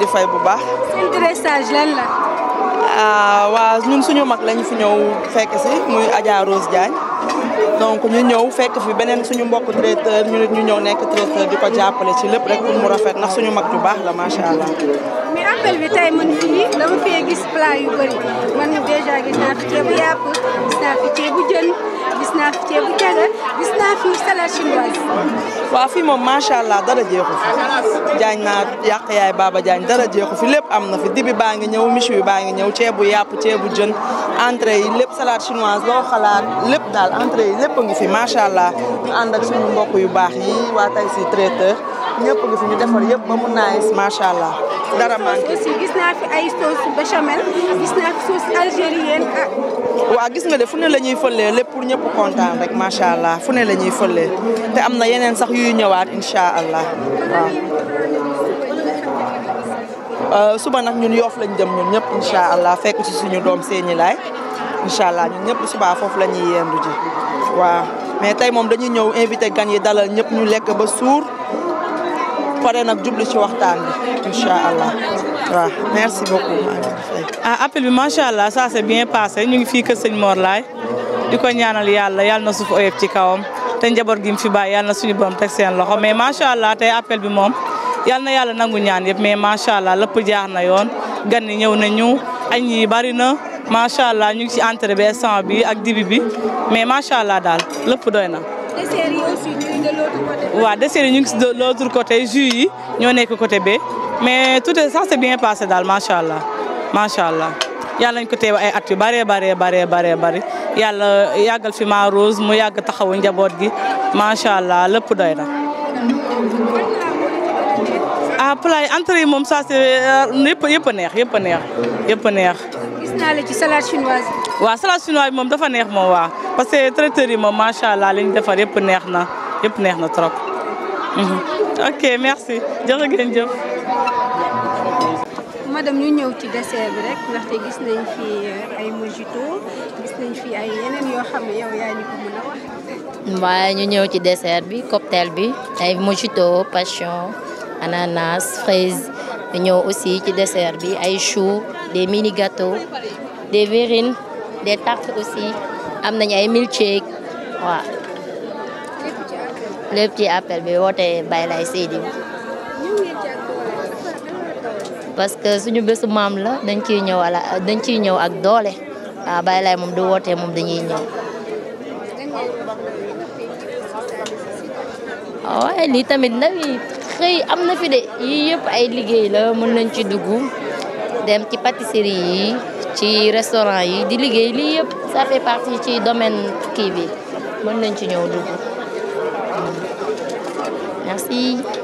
leen fay bu baax. seen dressage lan la. Ah, waaw ñun suñu mag lañu fi ñëw fekk si muy Adja Rose jaañ donc ñu ñëw fekk fi beneen suñu mbokk traiteur ñu ñu ñëw nekk traiteur di ko jàppale si lépp rek pour mu rafet ndax suñu mag bu baax la macha allah. mais appel bi tey man fii dama fee gis plat yu bëri man déjà gis naa fi ceebu yàpp gis naa fi ceebu jën gis naa fi ceebu caga. la fille waaw fii moom macha allah dara jeexu fi jaañ naa yàq yaay baaba jaañ dara jeexu fi lépp am na fi dibi baa ngi ñëw michu bi baa ngi ñëw ceebu yàpp ceebu jën entrée yi lépp salaat chinoise loo xalaat lépp daal entrée yi lépp a ngi fi macha allah ñu ànd ak suñu mbokk yu baax yi waa tay si traiteur ñëpp a ngi fi ñu defar yëpp ba mu naaj macha allah. dara manqué aussi gis naa fi ay sauce béchamel gis naa fi sauce algérienne waaw gis nga de fu ne la ñuy fëlee lépp pour ñëpp kontaan rek macha allah fu ne la ñuy fëlee te am na yeneen sax yuy ñëwaat incha allah waaw. Euh, suba nag ñun yoof lañ jëm ñun ñëpp incha allah fekk ci suñu doom seeni laay incha allah ñun ñëpp suba foofu la ñuy yendu waaw mais tey moom dañuy ñëw invité gan yi dalal ñëpp ñu lekk ba suur pare nag jublu ci waxtaan bi incha allah. waaw merci beaucoup ah, appel bi macha allah ça s'est bien passé ñu ngi fii kër sëñ Mor di ko ñaanal yàlla yàlla na suuf oyof ci kawam te njaboot gi mu fi bàyyi yàlla na suñu borom teg seen loxo mais macha allah tey appel bi moom yàlla na yàlla nangu ñaan yëpp mais macha allah lépp jaar na yoon gan yi ñëw nañu añ yi bari na macha allah ñu ngi ci entrée bi instant bi ak dibi bi mais macha allah daal lépp doy na. dessert yi de l'autre ñu ngi de l'autre côté jus yi ñoo nekk côté bee. mais tout ça s'est bien daal macha allah macha allah yàlla nañu ko teew ay at yu bëree bëree bëree bëree bëri yàlla yàggal fi ma Rose mu yàgg taxawu njaboot gi macha allah lépp doy na. ah plat yi yi moom ça c'est euh, yëpp neex yëpp neex yëpp neex. gis naa la ci salade chinoise. waaw salade chinoise bi moom dafa neex moom waaw parce que traiteur yi moom macha allah li ñu yëpp neex na yëpp neex na trop. Mhm. ok merci jërë ngeen jëf. madame ñu ñëw ci dessert bi rek ndaxte gis nañ fi euh, ay mojito gis nañ fi ay yeneen yoo xam ne yow yaa ñu ko mën a waaye ñu ñëw ci dessert bi cocktail bi ay mojito passion ananas fraise ñu aussi ci dessert bi ay choux de mini gâteaux des verrines des tartes aussi am nañu ay milkshake waaw. lépp ci appel bi woote Baye Laye Seydi parce que suñu bésu maam la dañ ciy ñëw ala dañ ciy ñëw ak doole waaw ah, Baye Laye moom du wootee moom dañuy ñëw. waaye ah, lii tamit nag xëy am na fi de yii yëpp ay liggéey la mën nañ ci dugg dem ci pâtisserie yi ci restaurant yi di liggéey lii yëpp ça fait partie ci domaine kii bi mën nañ ci ñëw dugg hmm. merci.